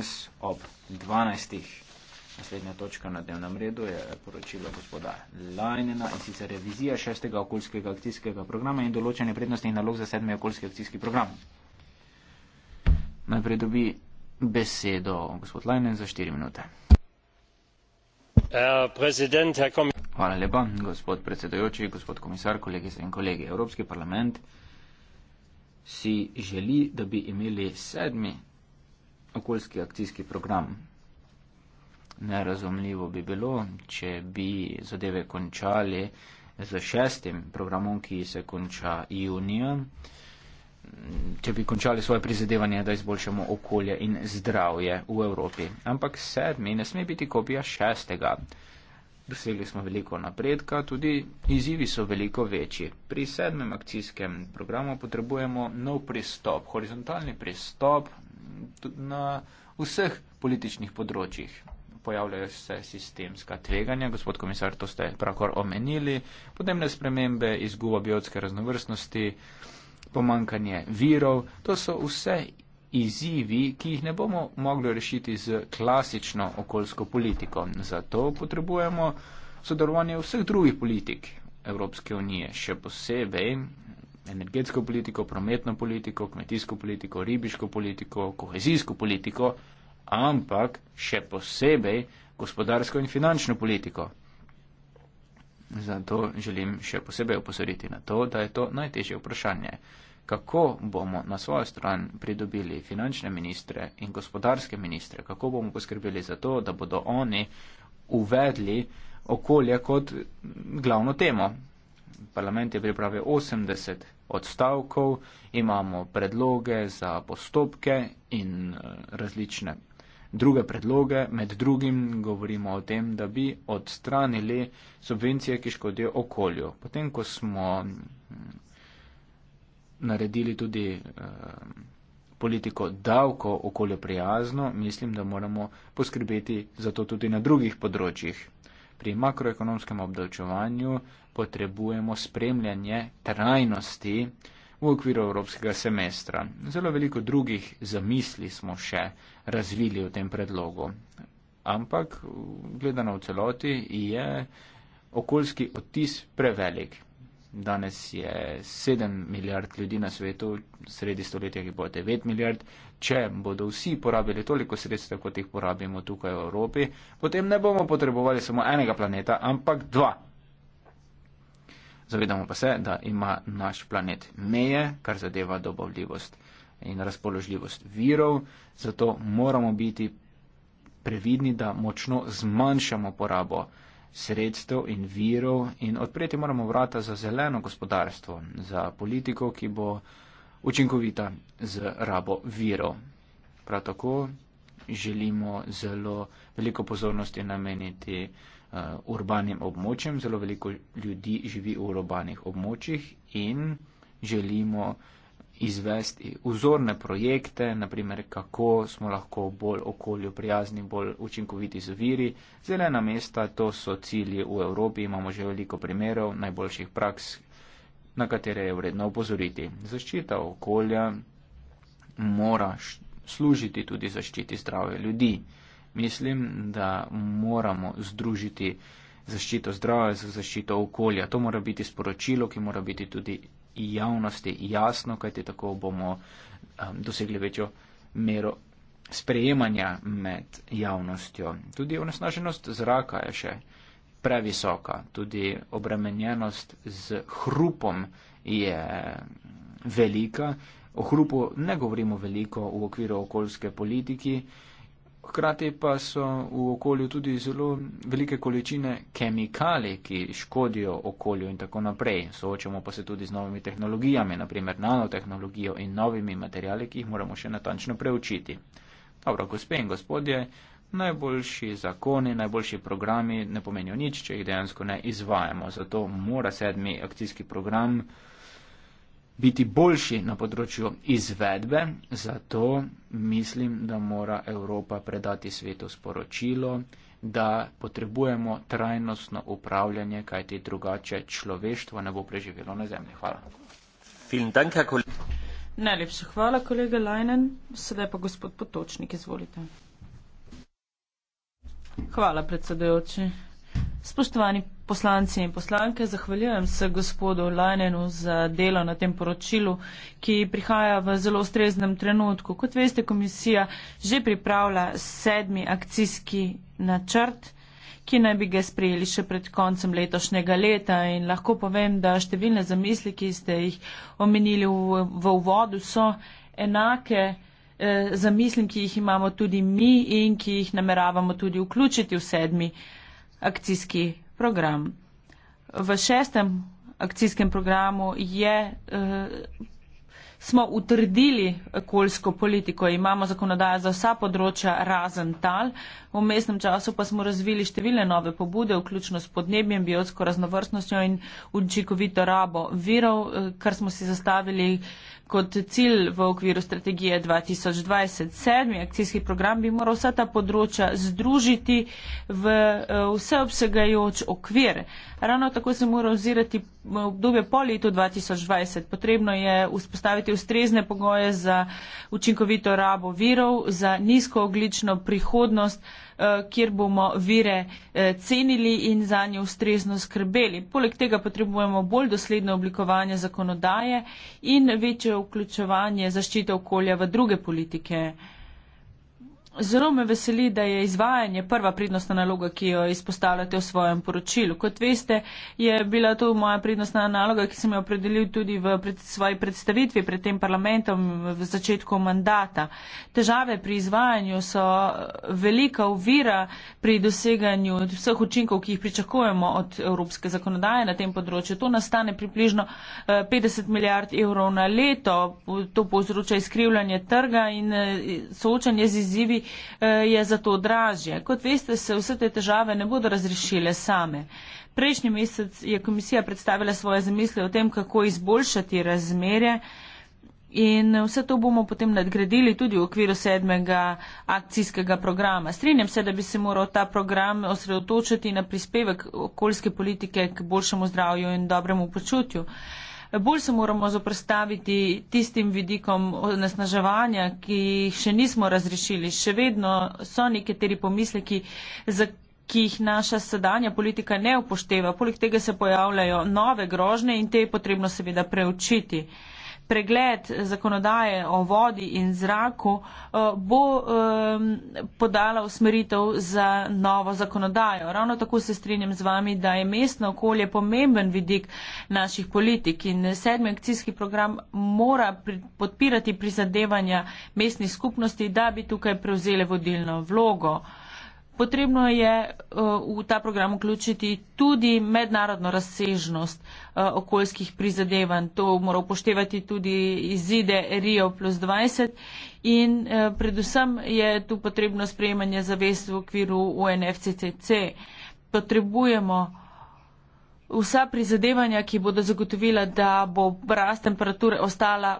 danes ob 12. Naslednja točka na dnevnem redu je poročilo gospoda Lajnena in sicer revizija šestega okoljskega akcijskega programa in določanje prednostnih nalog za sedmi okoljski akcijski program. Najprej dobi besedo gospod Lajnen za štiri minute. Hvala lepa, gospod predsedojoči, gospod komisar, kolegice in kolegi. Evropski parlament si želi, da bi imeli sedmi okoljski akcijski program. Nerazumljivo bi bilo, če bi zadeve končali z šestim programom, ki se konča junija, če bi končali svoje prizadevanje, da izboljšamo okolje in zdravje v Evropi. Ampak sedmi ne sme biti kopija šestega dosegli smo veliko napredka, tudi izzivi so veliko večji. Pri sedmem akcijskem programu potrebujemo nov pristop, horizontalni pristop na vseh političnih področjih. Pojavljajo se sistemska tveganja, gospod komisar, to ste pravkar omenili, podnebne spremembe, izguba biotske raznovrstnosti, pomankanje virov, to so vse izzivi, ki jih ne bomo mogli rešiti z klasično okoljsko politiko. Zato potrebujemo sodelovanje vseh drugih politik Evropske unije, še posebej energetsko politiko, prometno politiko, kmetijsko politiko, ribiško politiko, kohezijsko politiko, ampak še posebej gospodarsko in finančno politiko. Zato želim še posebej opozoriti na to, da je to najtežje vprašanje kako bomo na svojo stran pridobili finančne ministre in gospodarske ministre, kako bomo poskrbeli za to, da bodo oni uvedli okolje kot glavno temo. Parlament je pripravil 80 odstavkov, imamo predloge za postopke in eh, različne druge predloge, med drugim govorimo o tem, da bi odstranili subvencije, ki škodijo okolju. Potem, ko smo naredili tudi eh, politiko davko okolje prijazno, mislim, da moramo poskrbeti za to tudi na drugih področjih. Pri makroekonomskem obdavčevanju potrebujemo spremljanje trajnosti v okviru evropskega semestra. Zelo veliko drugih zamisli smo še razvili v tem predlogu. Ampak, gledano v celoti, je okoljski odtis prevelik. Danes je 7 milijard ljudi na svetu, sredi stoletja jih bo 9 milijard. Če bodo vsi porabili toliko sredstev, kot jih porabimo tukaj v Evropi, potem ne bomo potrebovali samo enega planeta, ampak dva. Zavedamo pa se, da ima naš planet meje, kar zadeva dobavljivost in razpoložljivost virov, zato moramo biti previdni, da močno zmanjšamo porabo sredstev in virov in odpreti moramo vrata za zeleno gospodarstvo, za politiko, ki bo učinkovita z rabo virov. Prav tako želimo zelo veliko pozornosti nameniti uh, urbanim območjem, zelo veliko ljudi živi v urbanih območjih in želimo uh, izvesti vzorne projekte, naprimer kako smo lahko bolj okolju prijazni, bolj učinkoviti z viri. Zelena mesta, to so cilji v Evropi, imamo že veliko primerov najboljših praks, na katere je vredno upozoriti. Zaščita okolja mora služiti tudi zaščiti zdrave ljudi. Mislim, da moramo združiti zaščito zdrave z zaščito okolja. To mora biti sporočilo, ki mora biti tudi javnosti jasno, kajti tako bomo um, dosegli večjo mero sprejemanja med javnostjo. Tudi onesnaženost zraka je še previsoka, tudi obremenjenost z hrupom je velika. O hrupu ne govorimo veliko v okviru okoljske politike. Hkrati pa so v okolju tudi zelo velike količine kemikalij, ki škodijo okolju in tako naprej. Soočamo pa se tudi z novimi tehnologijami, naprimer nanotehnologijo in novimi materijali, ki jih moramo še natančno preučiti. Dobro, gospe in gospodje, najboljši zakoni, najboljši programi ne pomenijo nič, če jih dejansko ne izvajamo. Zato mora sedmi akcijski program biti boljši na področju izvedbe, zato mislim, da mora Evropa predati svetu sporočilo, da potrebujemo trajnostno upravljanje, kajti drugače človeštvo ne bo preživelo na Zemlji. Hvala. Najlepša hvala, kolega Leinen. Sedaj pa gospod Potočnik, izvolite. Hvala, predsedujoči. Spoštovani poslanci in poslanke, zahvaljujem se gospodu Lajnenu za delo na tem poročilu, ki prihaja v zelo ustreznem trenutku. Kot veste, komisija že pripravlja sedmi akcijski načrt, ki naj bi ga sprejeli še pred koncem letošnjega leta in lahko povem, da številne zamisli, ki ste jih omenili v, v uvodu, so enake eh, zamislim, ki jih imamo tudi mi in ki jih nameravamo tudi vključiti v sedmi akcijski program. V šestem akcijskem programu je, eh, smo utrdili okoljsko politiko, imamo zakonodajo za vsa področja razen tal, v mestnem času pa smo razvili številne nove pobude, vključno s podnebjem, biotsko raznovrstnostjo in učinkovito rabo virov, eh, kar smo si zastavili eh, kot cilj v okviru strategije 2020. Sedmi akcijski program bi moral vsa ta področja združiti v eh, vseobsegajoč okvir. Ravno tako se mora ozirati eh, obdobje po letu 2020. Potrebno je vzpostaviti ustrezne pogoje za učinkovito rabo virov, za nizkooglično prihodnost, Eh, kjer bomo vire eh, cenili in za nje ustrezno skrbeli. Poleg tega potrebujemo bolj dosledno oblikovanje zakonodaje in večje vključevanje zaščite okolja v druge politike. Zelo me veseli, da je izvajanje prva prednostna naloga, ki jo izpostavljate v svojem poročilu. Kot veste, je bila to moja prednostna naloga, ki sem jo opredelil tudi v pred, svoji predstavitvi pred tem parlamentom v začetku mandata. Težave pri izvajanju so eh, velika uvira pri doseganju vseh učinkov, ki jih pričakujemo od evropske zakonodaje na tem področju. To nastane približno 50 eh, milijard evrov na leto. To povzroča izkrivljanje trga in eh, soočanje z izzivi Eh, je zato dražje. Kot veste, se vse te težave ne bodo razrešile same. Prejšnji mesec je komisija predstavila svoje zamisle o tem, kako izboljšati razmere. In vse to bomo potem nadgradili tudi v okviru sedmega akcijskega programa. Strinjam se, da bi se moral ta program osredotočiti na prispevek okoljske politike k boljšemu zdravju in dobremu počutju. Uh, bolj se moramo zoprstaviti tistim vidikom nasnaževanja, ki jih še nismo razrešili. Še vedno so nekateri pomisleki, ki jih naša sedanja politika ne upošteva. Poleg tega se pojavljajo nove grožne in te je potrebno seveda preučiti pregled zakonodaje o vodi in zraku, eh, bo podala usmeritev za novo zakonodajo. Ravno tako se strinjam z vami, da je mestno okolje pomemben vidik naših politik in sedmi akcijski program mora podpirati prizadevanja mestnih skupnosti, da bi tukaj prevzele vodilno vlogo. Potrebno je eh, v ta program vključiti tudi mednarodno razsežnost eh, okoljskih prizadevanj. To mora upoštevati tudi izide Rio plus 20 in eh, predvsem je tu potrebno sprejemanje zavest v okviru UNFCCC. Potrebujemo vsa prizadevanja, ki bodo zagotovila, da bo rast temperature ostala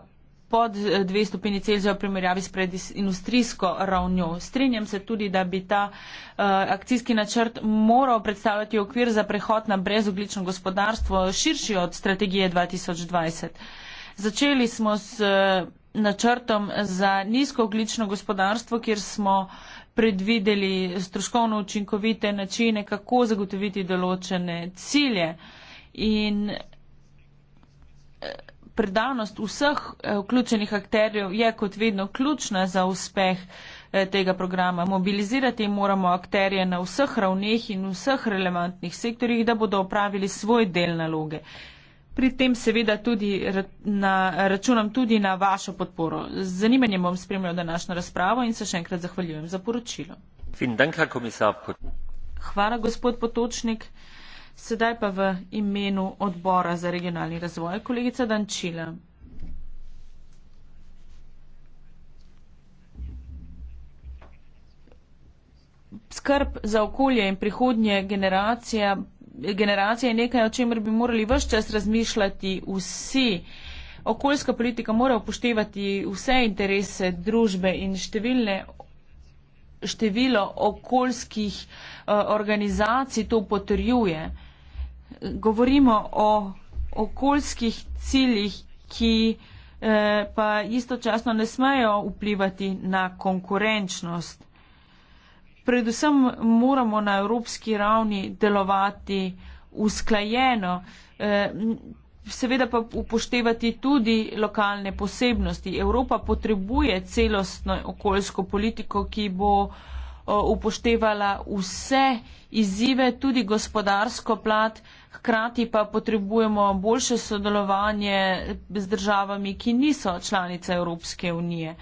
pod eh, dve stopinji Celzija v primerjavi s predindustrijsko ravnjo. Strinjam se tudi, da bi ta uh, akcijski načrt moral predstavljati okvir za prehod na brezoglično gospodarstvo širši od strategije 2020. Začeli smo s eh, načrtom za nizkooglično gospodarstvo, kjer smo predvideli stroškovno učinkovite načine, kako zagotoviti določene cilje. In predanost vseh eh, vključenih akterjev je kot vedno ključna za uspeh eh, tega programa. Mobilizirati moramo akterje na vseh ravneh in vseh relevantnih sektorjih, da bodo opravili svoj del naloge. Pri tem seveda tudi na, računam tudi na vašo podporo. Z zanimanjem bom spremljal današnjo razpravo in se še enkrat zahvaljujem za poročilo. Hvala, gospod Potočnik. Sedaj pa v imenu odbora za regionalni razvoj, kolegica Dančila. Skrb za okolje in prihodnje generacije, generacije je nekaj, o čemer bi morali vse čas razmišljati vsi. Okoljska politika mora upoštevati vse interese družbe in številne število okoljskih eh, organizacij to potrjuje. Govorimo o okoljskih ciljih, ki eh, pa istočasno ne smejo vplivati na konkurenčnost. Predvsem moramo na evropski ravni delovati usklajeno. Eh, seveda pa upoštevati tudi lokalne posebnosti. Evropa potrebuje celostno okoljsko politiko, ki bo upoštevala vse izzive, tudi gospodarsko plat, hkrati pa potrebujemo boljše sodelovanje z državami, ki niso članice Evropske unije.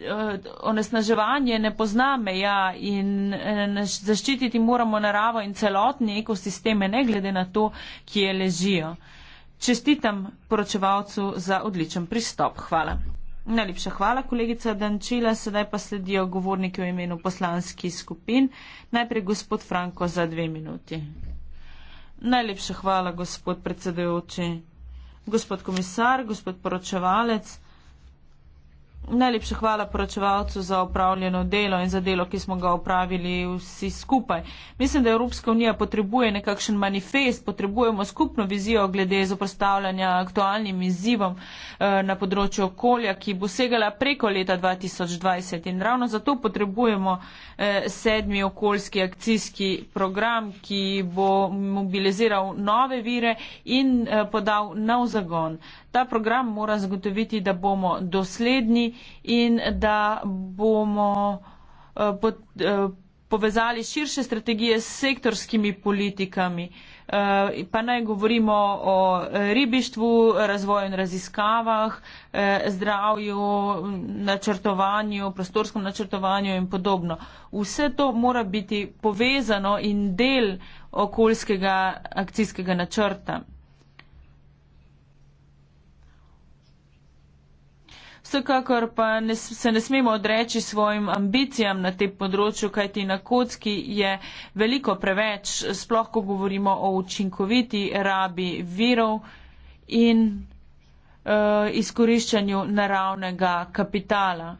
Eh, onesnaževanje ne pozna meja in eh, zaščititi moramo naravo in celotne ekosisteme, ne glede na to, kje ležijo. Čestitam poročevalcu za odličen pristop. Hvala. Najlepša hvala, kolegica Dančila. Sedaj pa sledijo govorniki v imenu poslanskih skupin. Najprej gospod Franko za dve minuti. Najlepša hvala, gospod predsedujoči. Gospod komisar, gospod poročevalec. Najlepša hvala poročevalcu za upravljeno delo in za delo, ki smo ga upravili vsi skupaj. Mislim, da Evropska unija potrebuje nekakšen manifest, potrebujemo skupno vizijo glede zoprostavljanja aktualnim izzivom eh, na področju okolja, ki bo segala preko leta 2020. In ravno zato potrebujemo eh, sedmi okoljski akcijski program, ki bo mobiliziral nove vire in eh, podal nov zagon Ta program mora zagotoviti, da bomo dosledni in da bomo eh, eh, povezali širše strategije s sektorskimi politikami. Eh, pa naj govorimo o ribištvu, razvoju in raziskavah, zdravju, načrtovanju, prostorskem načrtovanju in podobno. Vse to mora biti povezano in del okoljskega akcijskega načrta. Vsekakor pa ne, se ne smemo odreči svojim ambicijam na tem področju, kajti na kocki je veliko preveč, sploh ko govorimo o učinkoviti rabi virov in uh, izkoriščanju naravnega kapitala.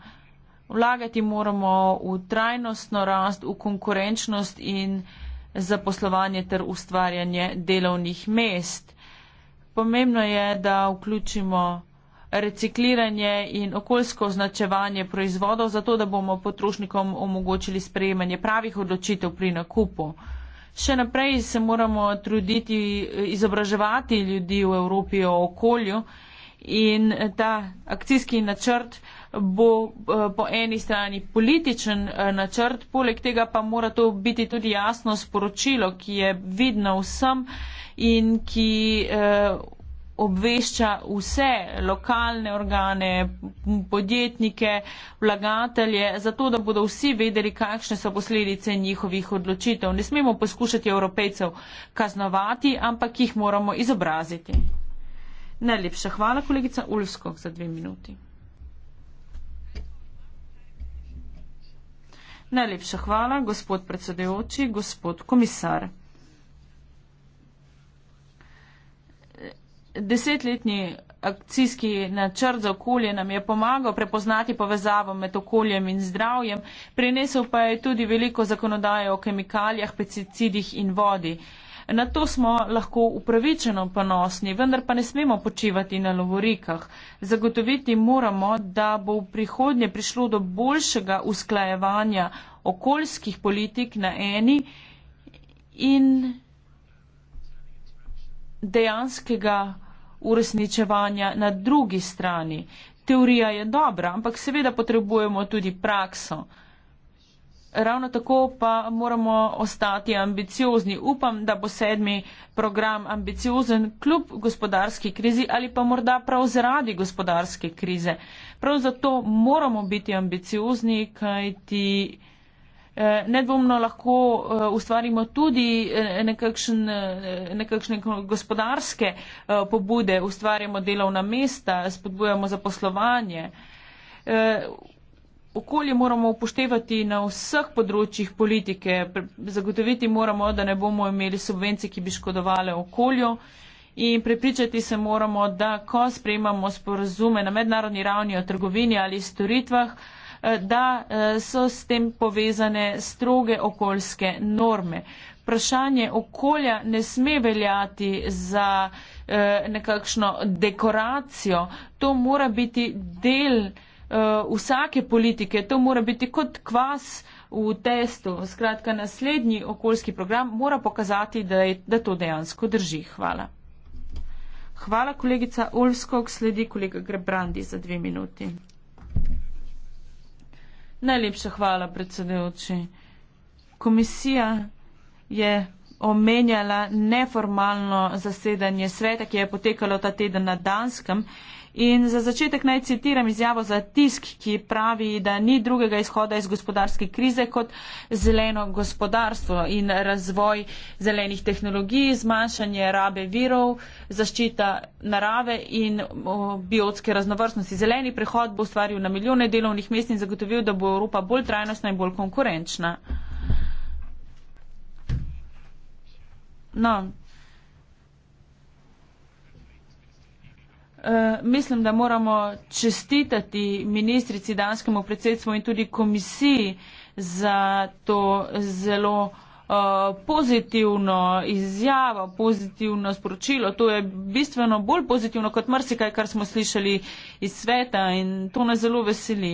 Vlagati moramo v trajnostno rast, v konkurenčnost in zaposlovanje ter ustvarjanje delovnih mest. Pomembno je, da vključimo recikliranje in okoljsko označevanje proizvodov, zato da bomo potrošnikom omogočili sprejemanje pravih odločitev pri nakupu. Še naprej se moramo truditi eh, izobraževati ljudi v Evropi o okolju in eh, ta akcijski načrt bo eh, po eni strani političen načrt, poleg tega pa mora to biti tudi jasno sporočilo, ki je vidno vsem in ki obvešča vse lokalne organe, podjetnike, vlagatelje, zato da bodo vsi vedeli, kakšne so posledice njihovih odločitev. Ne smemo poskušati evropejcev kaznovati, ampak jih moramo izobraziti. Najlepša hvala, kolegica Ulfskog, za dve minuti. Najlepša hvala, gospod predsedujoči, gospod komisar. desetletni akcijski načrt za okolje nam je pomagal prepoznati povezavo med okoljem in zdravjem, prinesel pa je tudi veliko zakonodaje o kemikalijah, pesticidih in vodi. Na to smo lahko upravičeno ponosni, vendar pa ne smemo počivati na lovorikah. Zagotoviti moramo, da bo v prihodnje prišlo do boljšega usklajevanja okoljskih politik na eni in dejanskega uresničevanja na drugi strani. Teorija je dobra, ampak seveda potrebujemo tudi prakso. Ravno tako pa moramo ostati ambiciozni. Upam, da bo sedmi program ambiciozen kljub gospodarski krizi ali pa morda prav zaradi gospodarske krize. Prav zato moramo biti ambiciozni, kajti. Eh, nedvomno lahko eh, ustvarimo tudi eh, nekakšen, nekakšne gospodarske pobude, ustvarjamo delovna mesta, spodbujamo zaposlovanje. Okolje moramo upoštevati na vseh področjih politike, zagotoviti moramo, da ne bomo imeli subvencij, ki bi škodovali okolju. In prepričati se moramo, da ko sprejemamo sporazume na mednarodni ravni o trgovini ali storitvah, Eh, da eh, so s tem povezane stroge okoljske norme. Vprašanje okolja ne sme veljati za eh, nekakšno dekoracijo, to mora biti del vsake politike, to mora biti kot kvas v testu. Skratka, naslednji okoljski program mora pokazati, da, je, da to dejansko drži. Hvala. Hvala, kolegica Olskog. Sledi kolega Grebrandi za dve minuti. Najlepša hvala, predsedujoči. Komisija je omenjala neformalno zasedanje sveta, ki je potekalo ta teden na Danskem. In za začetek naj citiram izjavo za tisk, ki pravi, da ni drugega izhoda iz gospodarske krize kot zeleno gospodarstvo in razvoj zelenih tehnologij, zmanjšanje rabe virov, zaščita narave in biotske raznovrstnosti. Zeleni prehod bo ustvaril na milijone delovnih mest in zagotovil, da bo Evropa bolj trajnostna in bolj konkurenčna. No, Eh, mislim, da moramo čestitati ministrici, danskemu predsedstvu in tudi komisiji za to zelo Eh, pozitivno izjavo, pozitivno sporočilo. To je bistveno bolj pozitivno kot mrsikaj, kar smo slišali iz sveta in to nas zelo veseli.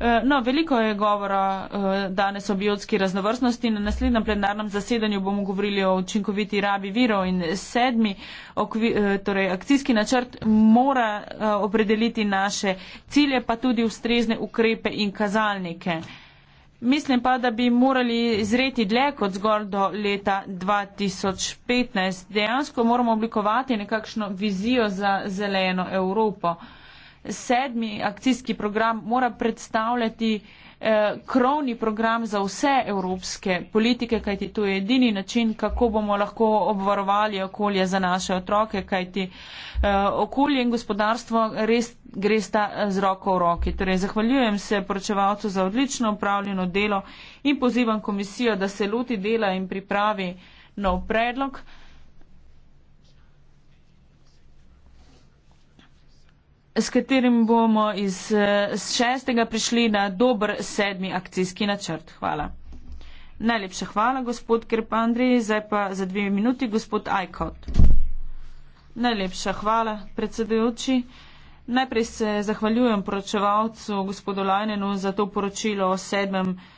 Eh, no, veliko je govora eh, danes o biotski raznovrstnosti. Na naslednjem plenarnem zasedanju bomo govorili o učinkoviti rabi virov in sedmi okvi, torej, akcijski načrt mora opredeliti naše cilje, pa tudi ustrezne ukrepe in kazalnike. Mislim pa, da bi morali zreti dlje kot zgor do leta 2015. Dejansko moramo oblikovati nekakšno vizijo za zeleno Evropo. Sedmi akcijski program mora predstavljati uh, Eh, krovni program za vse evropske politike, kajti to je edini način, kako bomo lahko obvarovali okolje za naše otroke, kajti eh, okolje in gospodarstvo res gre sta eh, z roko v roki. Torej, zahvaljujem se poročevalcu za odlično upravljeno delo in pozivam komisijo, da se loti dela in pripravi nov predlog. s katerim bomo iz z eh, šestega prišli na dober sedmi akcijski načrt. Hvala. Najlepša hvala, gospod Kerpandri. Zdaj pa za dve minuti, gospod Ajkot. Najlepša hvala, predsedujoči. Najprej se zahvaljujem poročevalcu, gospodu Lajnenu, za to poročilo o sedmem akcijskem načrtu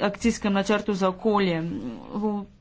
akcijskem načrtu za okolje.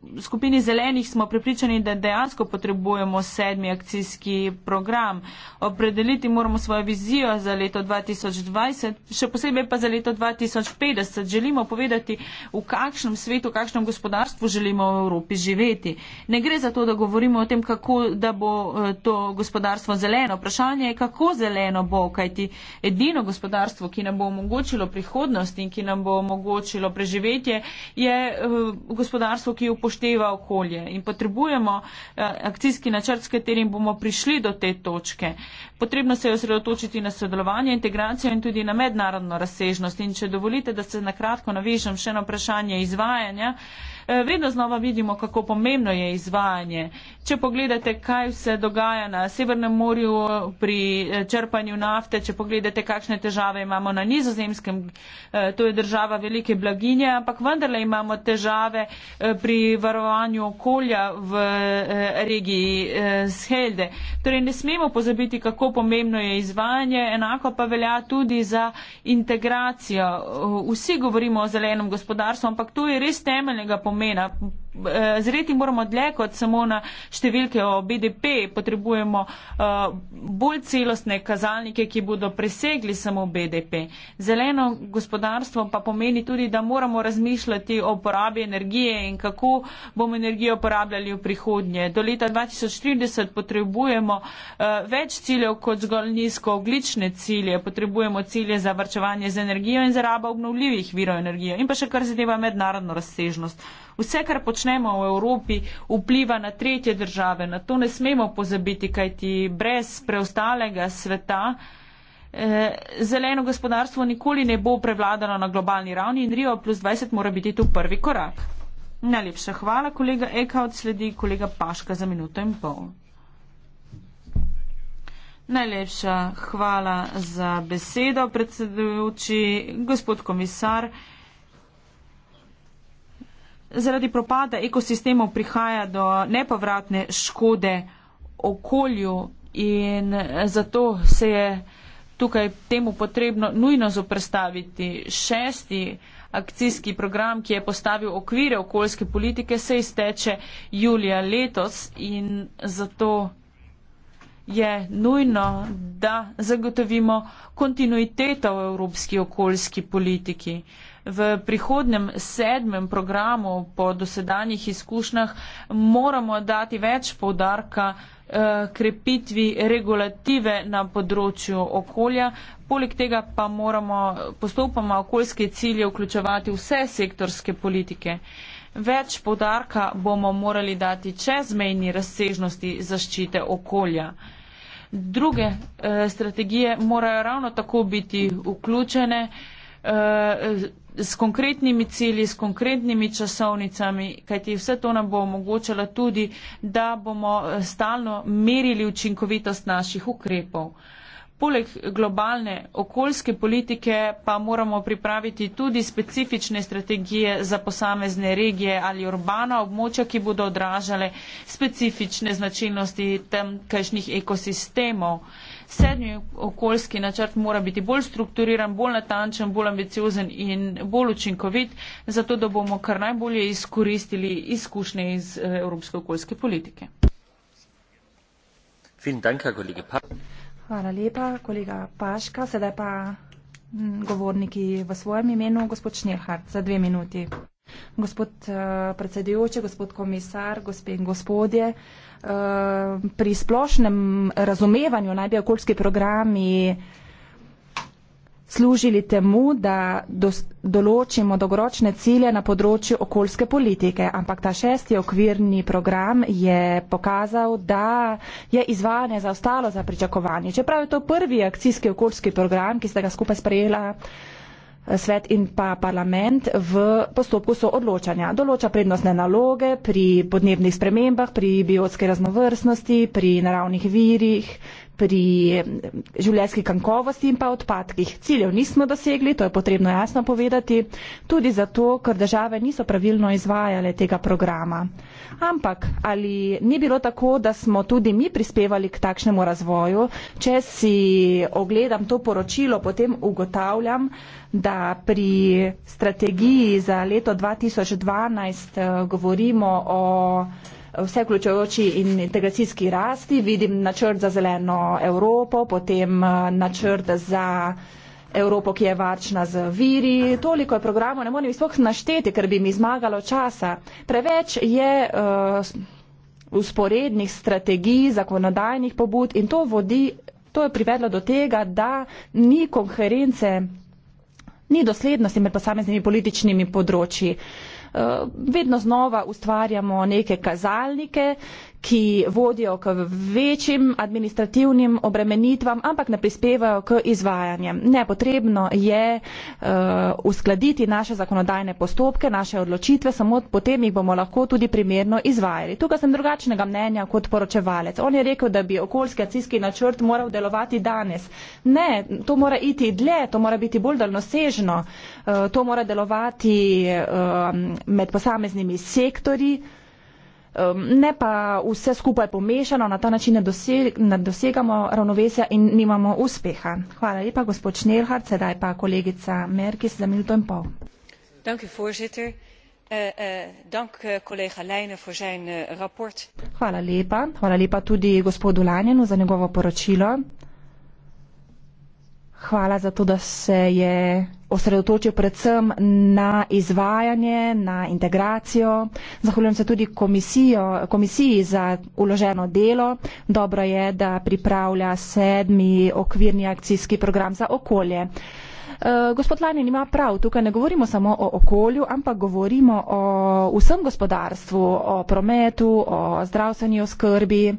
V skupini zelenih smo pripričani, da dejansko potrebujemo sedmi akcijski program. Opredeliti moramo svojo vizijo za leto 2020, še posebej pa za leto 2050. Želimo povedati, v kakšnem svetu, v kakšnem gospodarstvu želimo v Evropi živeti. Ne gre za to, da govorimo o tem, kako da bo eh, to gospodarstvo zeleno. Vprašanje je, kako zeleno bo, kajti edino gospodarstvo, ki nam bo omogočilo prihodnost in ki nam bo omogočilo preživetje, preživetje, je eh, gospodarstvo, ki upošteva okolje. In potrebujemo eh, akcijski načrt, s katerim bomo prišli do te točke. Potrebno se je osredotočiti na sodelovanje, integracijo in tudi na mednarodno razsežnost. In če dovolite, da se na kratko navežem še na vprašanje izvajanja. Eh, vedno znova vidimo, kako pomembno je izvajanje. Če pogledate, kaj se dogaja na Severnem morju pri eh, črpanju nafte, če pogledate, kakšne težave imamo na nizozemskem, eh, to je država velike blaginje, ampak vendarle imamo težave pri varovanju okolja v regiji Shelde. Torej ne smemo pozabiti, kako pomembno je izvajanje, enako pa velja tudi za integracijo. Vsi govorimo o zelenem gospodarstvu, ampak to je res temeljnega pomena omenja Eh, zreti moramo dlje kot samo na številke o BDP, potrebujemo eh, bolj celostne kazalnike, ki bodo presegli samo BDP. Zeleno gospodarstvo pa pomeni tudi, da moramo razmišljati o porabi energije in kako bomo energijo porabljali v prihodnje. Do leta 2030 potrebujemo eh, več ciljev kot zgolj nizko oglične cilje, potrebujemo cilje za vrčevanje z energijo in za rabo obnovljivih virov energije in pa še kar zadeva mednarodno razsežnost. Vse, kar počnemo, počnemo v Evropi, vpliva na tretje države. Na to ne smemo pozabiti, kajti brez preostalega sveta eh, zeleno gospodarstvo nikoli ne bo prevladano na globalni ravni in Rio plus 20 mora biti tu prvi korak. Najlepša hvala, kolega Eka, odsledi kolega Paška za minuto in pol. Najlepša hvala za besedo, predsedujoči gospod komisar zaradi propada ekosistemov prihaja do nepovratne škode okolju in eh, zato se je tukaj temu potrebno nujno zoprstaviti. Šesti akcijski program, ki je postavil okvire okoljske politike, se izteče julija letos in zato je nujno, da zagotovimo kontinuiteto v evropski okoljski politiki v prihodnem sedmem programu po dosedanjih izkušnjah moramo dati več povdarka eh, krepitvi regulative na področju okolja. Poleg tega pa moramo postopoma okoljske cilje vključevati vse sektorske politike. Več podarka bomo morali dati čezmejni razsežnosti zaščite okolja. Druge eh, strategije morajo ravno tako biti vključene s eh, konkretnimi cilji, s konkretnimi časovnicami, kajti vse to nam bo omogočalo tudi, da bomo eh, stalno merili učinkovitost naših ukrepov. Poleg globalne okoljske politike pa moramo pripraviti tudi specifične strategije za posamezne regije ali urbana območja, ki bodo odražale specifične značilnosti tamkajšnjih ekosistemov. Uh, sedmi okoljski načrt mora biti bolj strukturiran, bolj natančen, bolj ambiciozen in bolj učinkovit, zato da bomo kar najbolje izkoristili izkušnje iz eh, evropske okoljske politike. Hvala lepa, kolega Paška. Sedaj pa govorniki v svojem imenu, gospod Šnirhart, za dve minuti. Gospod eh, predsedujoči, gospod komisar, gospe in gospodje. Eh, pri splošnem razumevanju naj bi okoljski programi služili temu, da dos, določimo dolgoročne cilje na področju okoljske politike. Ampak ta šesti okvirni program je pokazal, da je izvajanje zaostalo za pričakovanje. Čeprav je to prvi akcijski okoljski program, ki ste ga skupaj sprejela svet in pa parlament v postopku soodločanja. Določa prednostne naloge pri podnebnih spremembah, pri biotski raznovrstnosti, pri naravnih virih, pri življenjski kankovosti in pa odpadkih. Ciljev nismo dosegli, to je potrebno jasno povedati, tudi zato, ker države niso pravilno izvajale tega programa. Ampak ali ni bilo tako, da smo tudi mi prispevali k takšnemu razvoju? Če si ogledam to poročilo, potem ugotavljam, da pri strategiji za leto 2012 eh, govorimo o vse vključujoči in integracijski rasti, vidim načrt za zeleno Evropo, potem eh, načrt za Evropo, ki je varčna z viri, toliko je programov, ne morem jih sploh našteti, ker bi mi zmagalo časa. Preveč je uh, eh, usporednih strategij, zakonodajnih pobud in to, vodi, to je privedlo do tega, da ni konference, ni doslednosti med posameznimi političnimi področji. Uh, vedno znova ustvarjamo neke kazalnike, ki vodijo k večjim administrativnim obremenitvam, ampak ne prispevajo k izvajanjem. Nepotrebno je uh, uskladiti naše zakonodajne postopke, naše odločitve, samo potem jih bomo lahko tudi primerno izvajali. Tukaj sem drugačnega mnenja kot poročevalec. On je rekel, da bi okoljski acijski načrt moral delovati danes. Ne, to mora iti dlje, to mora biti bolj daljnosežno, uh, to mora delovati uh, med posameznimi sektorji ne pa vse skupaj pomešano, na ta način ne, doseg, ne dosegamo ravnovesja in nimamo uspeha. Hvala lepa, gospod Šnirhard, sedaj pa kolegica Merkis za minuto in pol. Eh, eh, eh, Hvala lepa. Hvala lepa tudi gospodu Lanjenu za njegovo poročilo hvala za to, da se je osredotočil predvsem na izvajanje, na integracijo. Zahvaljujem se tudi komisijo, komisiji za uloženo delo. Dobro je, da pripravlja sedmi okvirni akcijski program za okolje. Eh, gospod Lanin ima prav, tukaj ne govorimo samo o okolju, ampak govorimo o vsem gospodarstvu, o prometu, o zdravstveni oskrbi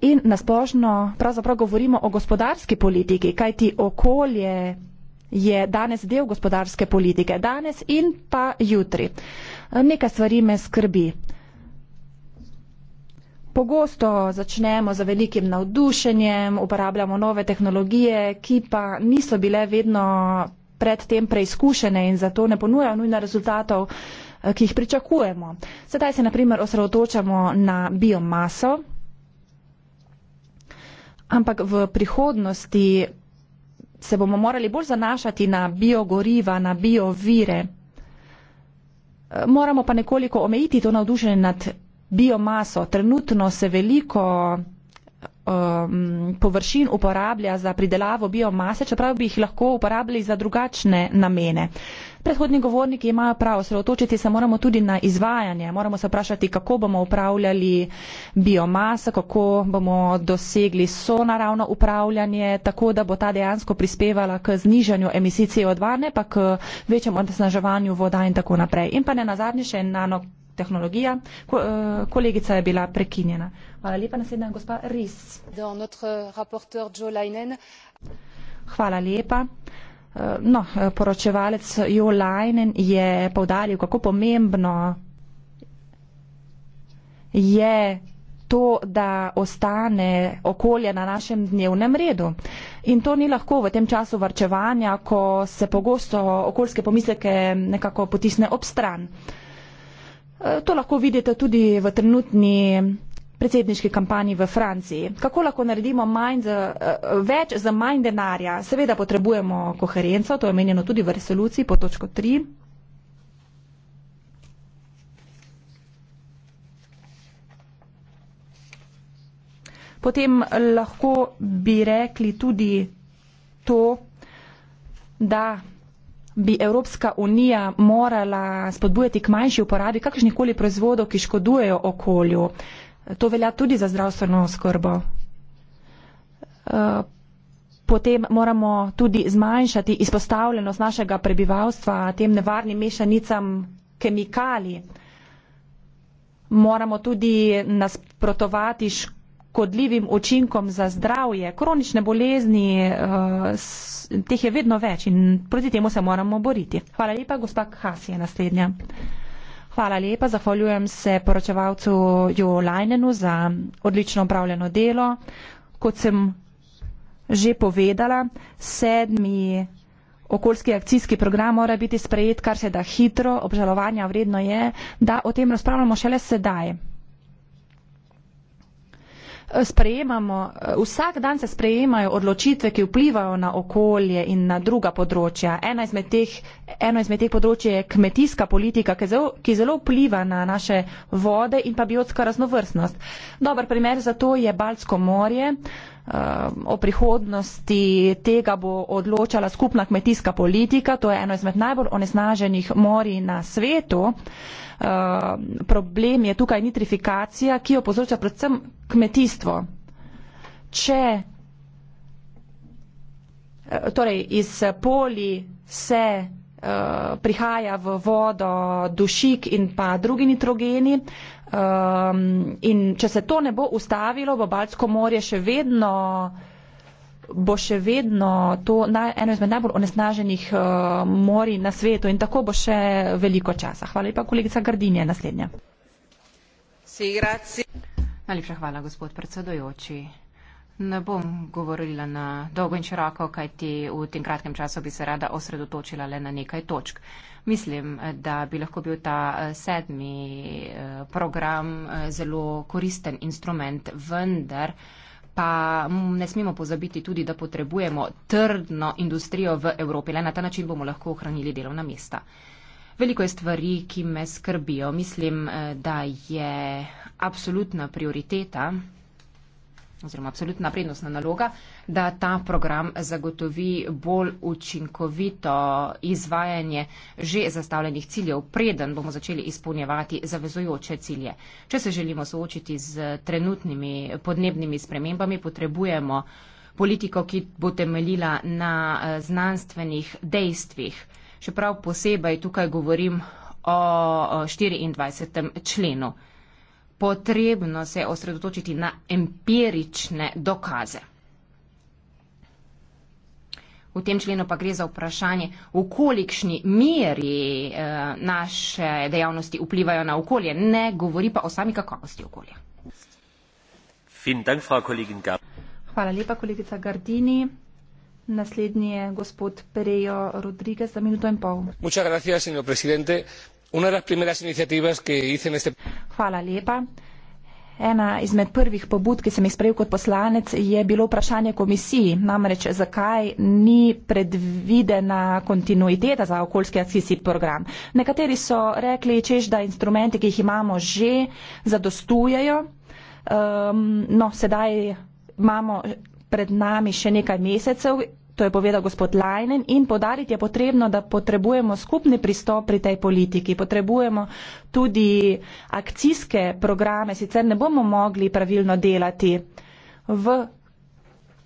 in nasplošno pravzaprav govorimo o gospodarski politiki, kajti okolje je danes del gospodarske politike, danes in pa jutri. Neka stvari me skrbi. Pogosto začnemo z velikim navdušenjem, uporabljamo nove tehnologije, ki pa niso bile vedno predtem preizkušene in zato ne ponujajo nujno rezultatov, eh, ki jih pričakujemo. Sedaj se na primer osredotočamo na biomaso, Ampak v prihodnosti se bomo morali bolj zanašati na biogoriva, na biovire. Moramo pa nekoliko omejiti to navdušenje nad biomaso. Trenutno se veliko um, površin uporablja za pridelavo biomase, čeprav bi jih lahko uporabili za drugačne namene. Uh, predhodni govorniki imajo prav, osredotočiti se moramo tudi na izvajanje, moramo se vprašati, kako bomo upravljali biomasa, kako bomo dosegli sonaravno upravljanje, tako da bo ta dejansko prispevala k znižanju emisij CO2, ne pa k večjemu onesnaževanju voda in tako naprej. In pa ne nazadnje še nanotehnologija, Ko, uh, kolegica je bila prekinjena. Hvala lepa, naslednja gospa Riz. Hvala lepa. Eh, no, eh, poročevalec Jo Leinen je povdaril, kako pomembno je to, da ostane okolje na našem dnevnem redu. In to ni lahko v tem času varčevanja, ko se pogosto okoljske pomisleke nekako potisne ob stran. Eh, to lahko vidite tudi v trenutni predsedniški kampanji v Franciji. Kako lahko naredimo manj za, eh, več za manj denarja? Seveda potrebujemo koherenco, to je menjeno tudi v resoluciji po točko 3. Potem lahko bi rekli tudi to, da bi Evropska unija morala spodbujati k manjši uporabi kakršnih koli proizvodov, ki škodujejo okolju. To velja tudi za zdravstveno oskrbo. Eh, potem moramo tudi zmanjšati izpostavljenost našega prebivalstva tem nevarnim mešanicam kemikalij. Moramo tudi nasprotovati škodljivim učinkom za zdravje. Kronične bolezni, eh, teh je vedno več in proti temu se moramo boriti. Hvala lepa, gospa Hasi je naslednja. Hvala lepa, zahvaljujem se poročevalcu Jo Lajnenu za odlično upravljeno delo. Kot sem že povedala, sedmi okoljski akcijski program mora biti sprejet kar se da hitro, obžalovanja vredno je, da o tem razpravljamo šele sedaj sprejemamo, eh, vsak dan se sprejemajo odločitve, ki vplivajo na okolje in na druga področja. Eno izmed teh, eno izmed teh področji je kmetijska politika, ki zelo, ki zelo vpliva na naše vode in pa biotsko raznovrstnost. Dobar primer za to je Balsko morje. Eh, o prihodnosti tega bo odločala skupna kmetijska politika, to je eno izmed najbolj onesnaženih morij na svetu. Eh, problem je tukaj nitrifikacija, ki jo povzroča predvsem kmetijstvo. Če eh, torej iz poli se uh, prihaja v vodo dušik in pa drugi nitrogeni um, in če se to ne bo ustavilo, bo Balsko morje še vedno uh, bo še vedno to eno izmed najbolj onesnaženih eh, mori na svetu in tako bo še veliko časa. Hvala lepa, kolegica Gardinja, naslednja. Najlepša hvala, gospod predsedojoči. Ne bom govorila na dolgo in široko, kajti v tem kratkem času bi se rada osredotočila le na nekaj točk. Mislim, da bi lahko bil ta eh, sedmi eh, program zelo koristen instrument, vendar pa ne smemo pozabiti tudi, da potrebujemo trdno industrijo v Evropi. Le na ta način bomo lahko ohranili delovna mesta. Veliko je stvari, ki me skrbijo. Mislim, eh, da je absolutna prioriteta oziroma absolutna prednostna naloga, da ta program zagotovi bolj učinkovito izvajanje že zastavljenih ciljev, preden bomo začeli izpolnjevati zavezojoče cilje. Če se želimo soočiti z trenutnimi podnebnimi spremembami, potrebujemo politiko, ki bo temeljila na eh, znanstvenih dejstvih. Še prav posebej tukaj govorim o 24. členu potrebno se osredotočiti na empirične dokaze. V tem členu pa gre za vprašanje, v kolikšni meri eh, naše dejavnosti vplivajo na okolje, ne govori pa o sami kakovosti okolja. Hvala lepa, kolegica Gardini. Naslednji je gospod Perejo Rodriguez za minuto in pol ena izmed prvih pobud ki sem jih sprejel kot poslanec je bilo vprašanje komisiji namreč zakaj ni predvidela ali pa sploh ni omogočila nadaljevanja programa komisije namreč zakaj ni predvidena kontinuiteta za okoljski akcijski program nekateri so rekli češ da instrumenti ki jih imamo že zadostujejo ehm, no sedaj imamo pred nami še nekaj mesecev to je povedal gospod Leinen, in podariti je potrebno, da potrebujemo skupni pristop pri tej politiki, potrebujemo tudi akcijske programe, sicer ne bomo mogli pravilno delati. V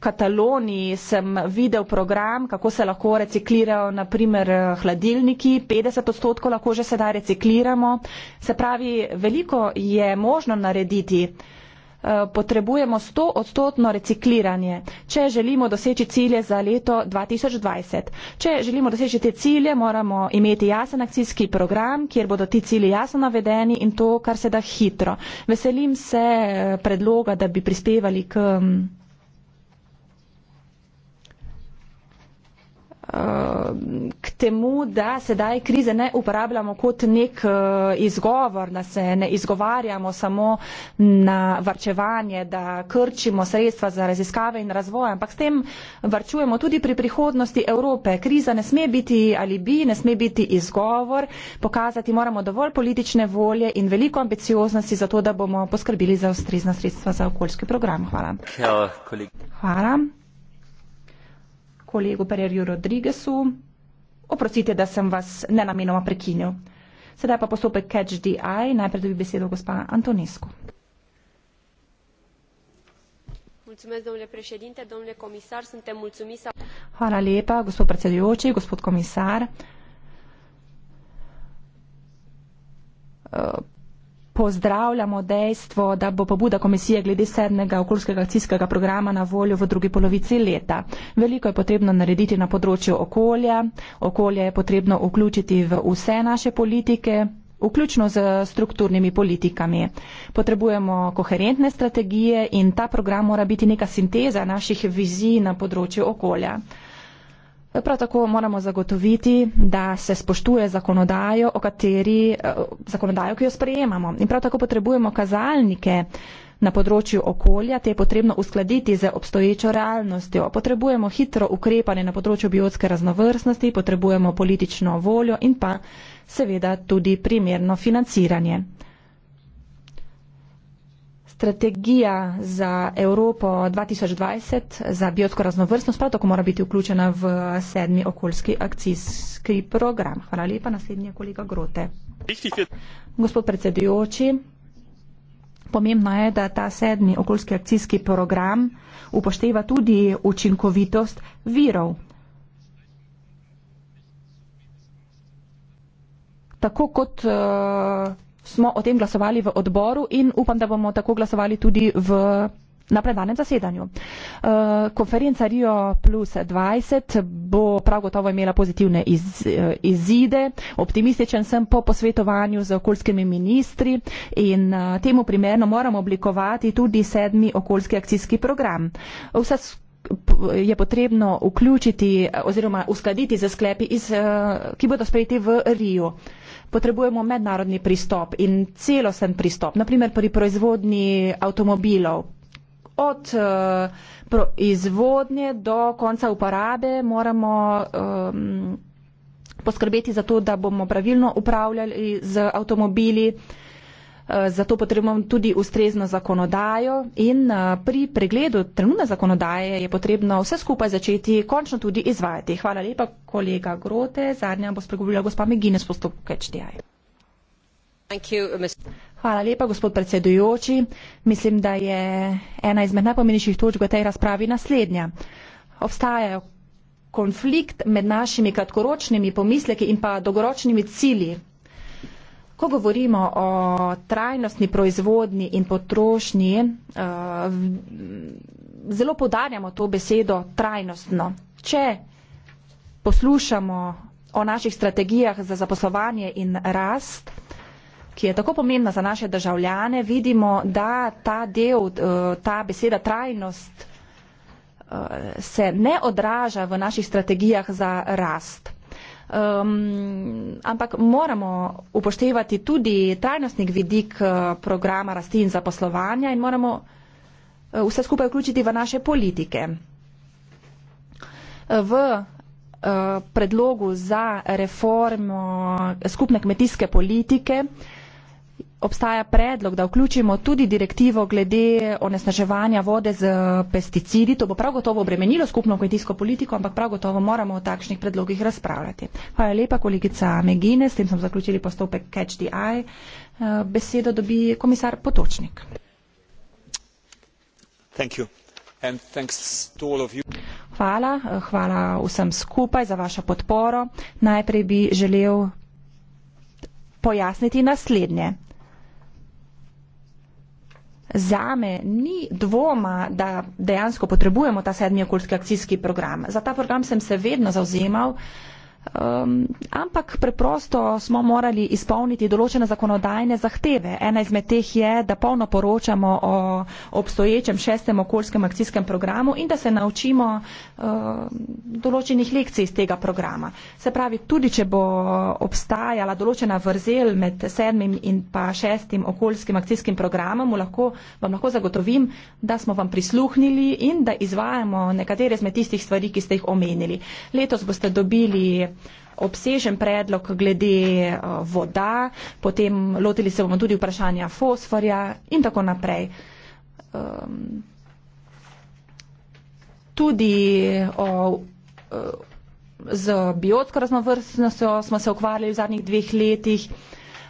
Kataloniji sem videl program, kako se lahko reciklirajo naprimer hladilniki, 50 odstotkov lahko že sedaj recikliramo. Se pravi, veliko je možno narediti. Eh, potrebujemo 100 odstotno recikliranje, če želimo doseči cilje za leto 2020. Če želimo doseči te cilje, moramo imeti jasen akcijski program, kjer bodo ti cilji jasno navedeni in to, kar se da hitro. Veselim se eh, predloga, da bi prispevali k mm, k temu, da sedaj krize ne uporabljamo kot nek eh, izgovor, da se ne izgovarjamo samo na varčevanje, da krčimo sredstva za raziskave in razvoj, ampak s tem varčujemo tudi pri prihodnosti Evrope. Kriza ne sme biti ali bi, ne sme biti izgovor, pokazati moramo dovolj politične volje in veliko ambicioznosti za to, da bomo poskrbili za ustrezna sredstva za okoljski program. Hvala. Hvala kolegu Pererju Rodrigesu. Oprostite, da sem vas nenamenoma prekinil. Sedaj pa postopek Catch the Eye. Najprej dobi besedo gospa Antonescu. Hvala lepa, gospod predsedujoči, gospod komisar pozdravljamo dejstvo, da bo pobuda komisije glede sedmega okoljskega akcijskega programa na voljo v drugi polovici leta. Veliko je potrebno narediti na področju okolja, okolje je potrebno vključiti v vse naše politike vključno z strukturnimi politikami. Potrebujemo koherentne strategije in ta program mora biti neka sinteza naših vizij na področju okolja. Prav tako moramo zagotoviti, da se spoštuje zakonodajo, kateri, eh, zakonodajo, ki jo sprejemamo. In prav tako potrebujemo kazalnike na področju okolja, te je potrebno uskladiti z obstoječo realnostjo. Potrebujemo hitro ukrepanje na področju biotske raznovrstnosti, potrebujemo politično voljo in pa seveda tudi primerno financiranje strategija za Evropo 2020 za biotsko raznovrstnost prav tako mora biti vključena v sedmi okoljski akcijski program. Hvala lepa, naslednji je kolega Grote. Gospod predsedujoči, pomembno je, da ta sedmi okoljski akcijski program upošteva tudi učinkovitost virov. Tako kot uh, smo o tem glasovali v odboru in upam, da bomo tako glasovali tudi v, na plenarnem zasedanju. Uh, konferenca Rio plus 20 bo prav gotovo imela pozitivne iz, eh, izide. Optimističen sem po posvetovanju z okoljskimi ministri in eh, temu primerno moramo oblikovati tudi sedmi okoljski akcijski program. Vse je potrebno vključiti oziroma uskladiti za sklepi, iz, eh, ki bodo sprejeti v Rio potrebujemo mednarodni pristop in celosten pristop, naprimer pri proizvodnji avtomobilov. Od uh, eh, proizvodnje do konca uporabe moramo um, poskrbeti za to, da bomo pravilno upravljali z avtomobili. Uh, Eh, zato potrebujemo tudi ustrezno zakonodajo in eh, pri pregledu trenutne zakonodaje je potrebno vse skupaj začeti končno tudi izvajati. Hvala lepa, kolega Grote. Zadnja bo spregovorila gospa Meginez postopke HDI. Hvala lepa, gospod predsedujoči. Mislim, da je ena izmed najpomenjših točk v tej razpravi naslednja. Obstaja konflikt med našimi kratkoročnimi pomisleki in pa dolgoročnimi cilji ko govorimo o trajnostni proizvodni in potrošnji, eh, zelo podarjamo to besedo trajnostno. Če poslušamo o naših strategijah za zaposlovanje in rast, ki je tako pomembna za naše državljane, vidimo, da ta del, eh, ta beseda trajnost eh, se ne odraža v naših strategijah za rast. Um, ampak moramo upoštevati tudi trajnostnik vidik uh, programa rasti in zaposlovanja in moramo uh, vse skupaj vključiti v naše politike. V uh, predlogu za reformo skupne kmetijske politike uh, obstaja predlog, da vključimo tudi direktivo glede onesnaževanja vode z pesticidi. To bo prav gotovo obremenilo skupno kmetijsko politiko, ampak prav gotovo moramo o takšnih predlogih razpravljati. Hvala lepa, kolegica Megine. S tem smo zaključili postopek Catch the Eye. Eh, besedo dobi komisar Potočnik. Hvala, eh, hvala vsem skupaj za vašo podporo. Najprej bi želel pojasniti naslednje zame ni dvoma, da dejansko potrebujemo ta sedmi okoljski akcijski program. Za ta program sem se vedno zauzemal. Um, ampak preprosto smo morali izpolniti določene zakonodajne zahteve. Ena izmed teh je, da polno poročamo o obstoječem šestem okoljskem akcijskem programu in da se naučimo uh, določenih lekcij iz tega programa. Se pravi, tudi če bo obstajala določena vrzel med sedmim in pa šestim okoljskim akcijskim programom, lahko, vam lahko zagotovim, da smo vam prisluhnili in da izvajamo nekatere izmed tistih stvari, ki ste jih omenili. Letos boste dobili obsežen predlog glede eh, voda, potem lotili se bomo tudi vprašanja fosforja in tako naprej. Ehm, tudi o, eh, z biotsko raznovrstnostjo smo se ukvarjali v zadnjih dveh letih.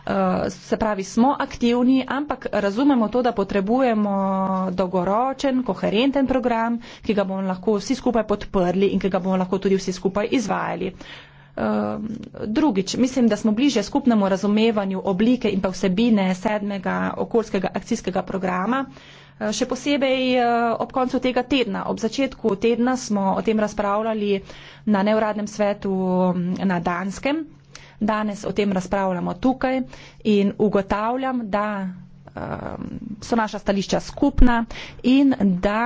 Eh, se pravi, smo aktivni, ampak razumemo to, da potrebujemo dolgoročen, koherenten program, ki ga bomo lahko vsi skupaj podprli in ki ga bomo lahko tudi vsi skupaj izvajali. Ehm, drugič, mislim, da smo bliže skupnemu razumevanju oblike in pa vsebine sedmega okoljskega akcijskega programa. Eh, še posebej eh, ob koncu tega tedna, ob začetku tedna smo o tem razpravljali na neuradnem svetu na Danskem. Danes o tem razpravljamo tukaj in ugotavljam, da ehm, so naša stališča skupna in da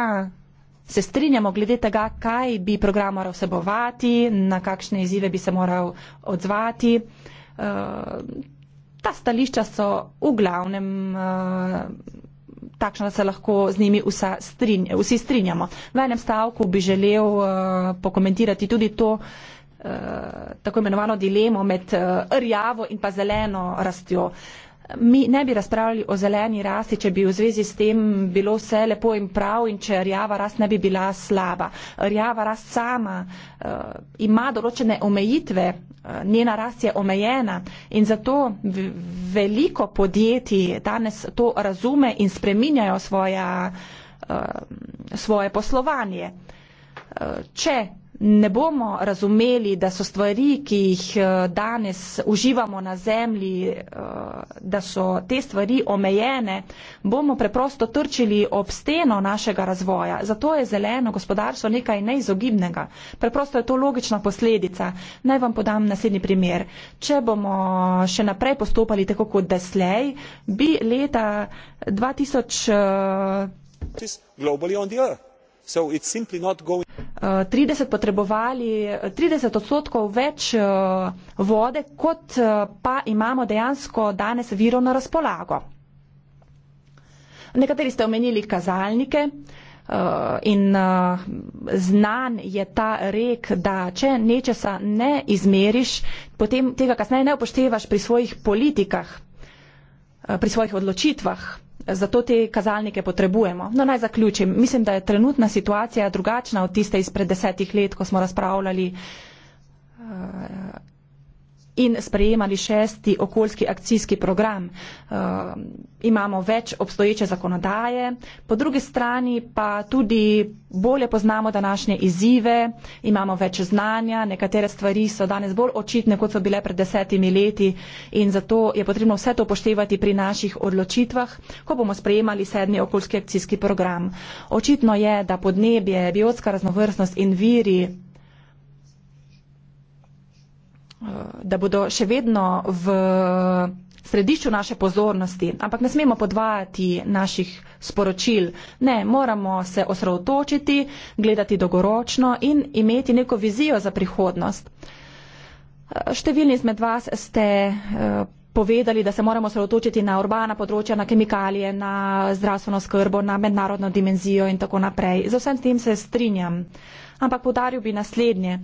se strinjamo glede tega, kaj bi program moral vsebovati, na kakšne izzive bi se moral odzvati. Eh, ta stališča so v glavnem eh, takšna, da se lahko z njimi strinj, vsi strinjamo. V enem stavku bi želel eh, pokomentirati tudi to tako imenovano dilemo med rjavo in pa zeleno rastjo mi ne bi razpravljali o zeleni rasti, če bi v zvezi s tem bilo vse lepo in prav in če rjava rast ne bi bila slaba. Rjava rast sama uh, ima določene omejitve, uh, njena rast je omejena in zato veliko podjetij danes to razume in spreminjajo svoja, uh, svoje poslovanje. Uh, če ne bomo razumeli, da so stvari, ki jih eh, danes uživamo na zemlji, eh, da so te stvari omejene, bomo preprosto trčili ob steno našega razvoja. Zato je zeleno gospodarstvo nekaj neizogibnega. Preprosto je to logična posledica. Naj vam podam naslednji primer. Če bomo še naprej postopali tako kot deslej, bi leta 2000. Eh, globally on the earth. So it's simply not going. 30 potrebovali 30 odstotkov več eh, vode, kot eh, pa imamo dejansko danes viro na razpolago. Nekateri ste omenili kazalnike eh, in znan je ta rek, da če nečesa ne izmeriš, potem tega kasneje ne upoštevaš pri svojih politikah, pri svojih odločitvah zato te kazalnike potrebujemo. No, naj zaključim. Mislim, da je trenutna situacija drugačna od tiste izpred desetih let, ko smo razpravljali. Uh, in sprejemali šesti okoljski akcijski program. Ehm, imamo več obstoječe zakonodaje, po drugi strani pa tudi bolje poznamo današnje izzive, imamo več znanja, nekatere stvari so danes bolj očitne, kot so bile pred desetimi leti in zato je potrebno vse to poštevati pri naših odločitvah, ko bomo sprejemali sedmi okoljski akcijski program. Očitno je, da podnebje, biotska raznovrstnost in viri da bodo še vedno v središču naše pozornosti, ampak ne smemo podvajati naših sporočil. Ne, moramo se osredotočiti, gledati dolgoročno in imeti neko vizijo za prihodnost. Številni izmed vas ste eh, povedali, da se moramo osredotočiti na urbana področja, na kemikalije, na zdravstveno skrbo, na mednarodno dimenzijo in tako naprej. Z vsem tem se strinjam. Ampak podaril bi naslednje.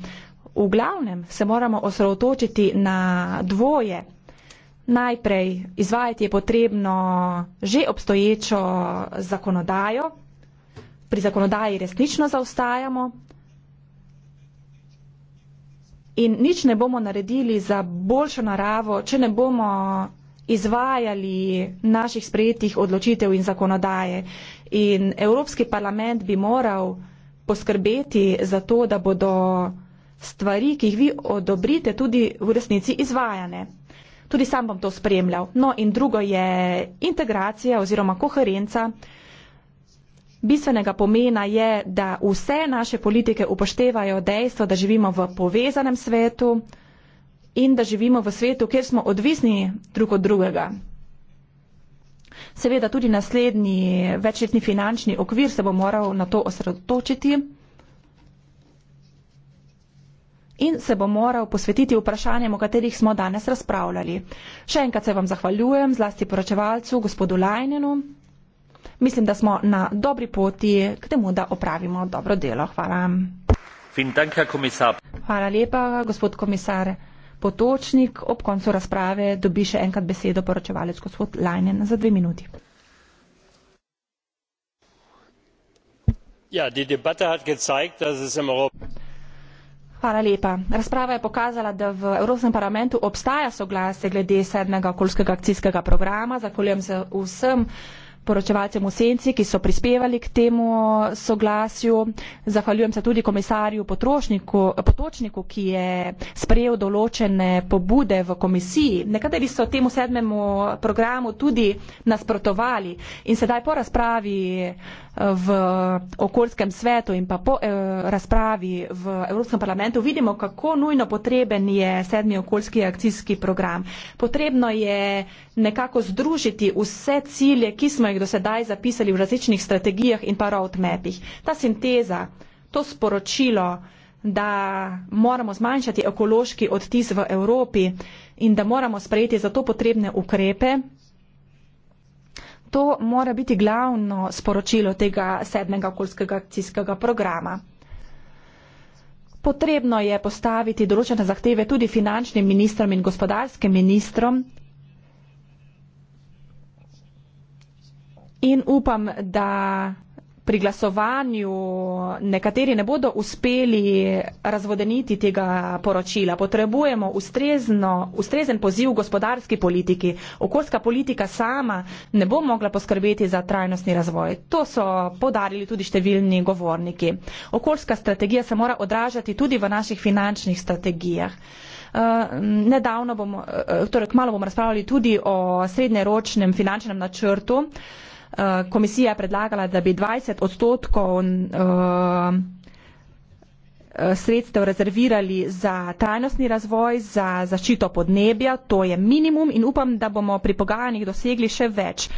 V glavnem se moramo osredotočiti na dvoje. Najprej izvajati je potrebno že obstoječo zakonodajo, pri zakonodaji resnično zaostajamo in nič ne bomo naredili za boljšo naravo, če ne bomo izvajali naših sprejetih odločitev in zakonodaje. In Evropski parlament bi moral poskrbeti za to, da bodo stvari, ki jih vi odobrite, tudi v resnici izvajane. Tudi sam bom to spremljal. No in drugo je integracija oziroma koherenca. Bistvenega pomena je, da vse naše politike upoštevajo dejstvo, da živimo v povezanem svetu in da živimo v svetu, kjer smo odvisni drug od drugega. Seveda tudi naslednji večletni finančni okvir se bo moral na to osredotočiti in se bo moral posvetiti vprašanjem, o katerih smo danes razpravljali. Še enkrat se vam zahvaljujem, zlasti poročevalcu, gospodu Lajnenu. Mislim, da smo na dobri poti k temu, da opravimo dobro delo. Hvala. Hvala lepa, gospod komisar Potočnik. Ob koncu razprave dobi še enkrat besedo poročevalec gospod Lajnen za dve minuti. Ja, die Debatte hat gezeigt, dass es im Europ Hvala lepa. Razprava je pokazala, da v Evropskem parlamentu obstaja soglasje glede sedmega okoljskega akcijskega programa. Zahvaljujem se vsem poročevalcem v senci, ki so prispevali k temu eh, soglasju. Zahvaljujem se tudi komisarju Potočniku, ki je sprejel določene pobude v komisiji. Nekateri so temu sedmemu programu tudi nasprotovali in sedaj po razpravi eh, v okoljskem svetu in pa po eh, razpravi v Evropskem parlamentu vidimo, kako nujno potreben je sedmi okoljski akcijski program. Potrebno je nekako združiti vse cilje, ki smo jih jih do sedaj zapisali v različnih strategijah in pa roadmapih. Ta sinteza, to sporočilo, da moramo zmanjšati ekološki odtis v Evropi in da moramo sprejeti za to potrebne ukrepe, to mora biti glavno sporočilo tega sedmega okoljskega akcijskega programa. Potrebno je postaviti določene zahteve tudi finančnim ministrom in gospodarskim ministrom, in upam, da pri glasovanju nekateri ne bodo uspeli razvodeniti tega poročila. Potrebujemo ustrezno, ustrezen poziv gospodarski politiki. Okoljska politika sama ne bo mogla poskrbeti za trajnostni razvoj. To so podarili tudi številni govorniki. Okoljska strategija se mora odražati tudi v naših finančnih strategijah. Eh, nedavno bomo, eh, torej kmalo bomo razpravljali tudi o srednjeročnem finančnem načrtu, Eh, komisija predlagala, da bi 20 odstotkov eh, eh, sredstev rezervirali za trajnostni razvoj, za zaščito podnebja, to je minimum in upam, da bomo pri pogajanjih dosegli še več.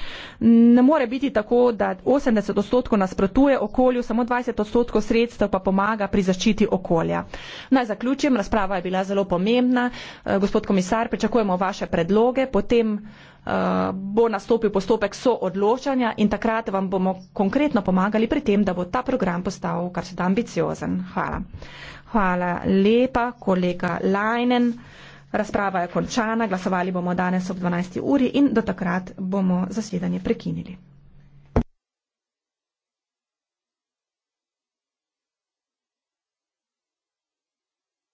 Ne more biti tako, da 80 odstotkov nasprotuje okolju, samo 20 odstotkov sredstev pa pomaga pri zaščiti okolja. Naj zaključim, razprava je bila zelo pomembna. Gospod komisar, pričakujemo vaše predloge, potem uh, bo nastopil postopek soodločanja in takrat vam bomo konkretno pomagali pri tem, da bo ta program postal kar se da ambiciozen. Hvala. Hvala lepa, kolega Lajnen. Razprava je končana, glasovali bomo danes ob 12. uri in do takrat bomo zasedanje prekinili.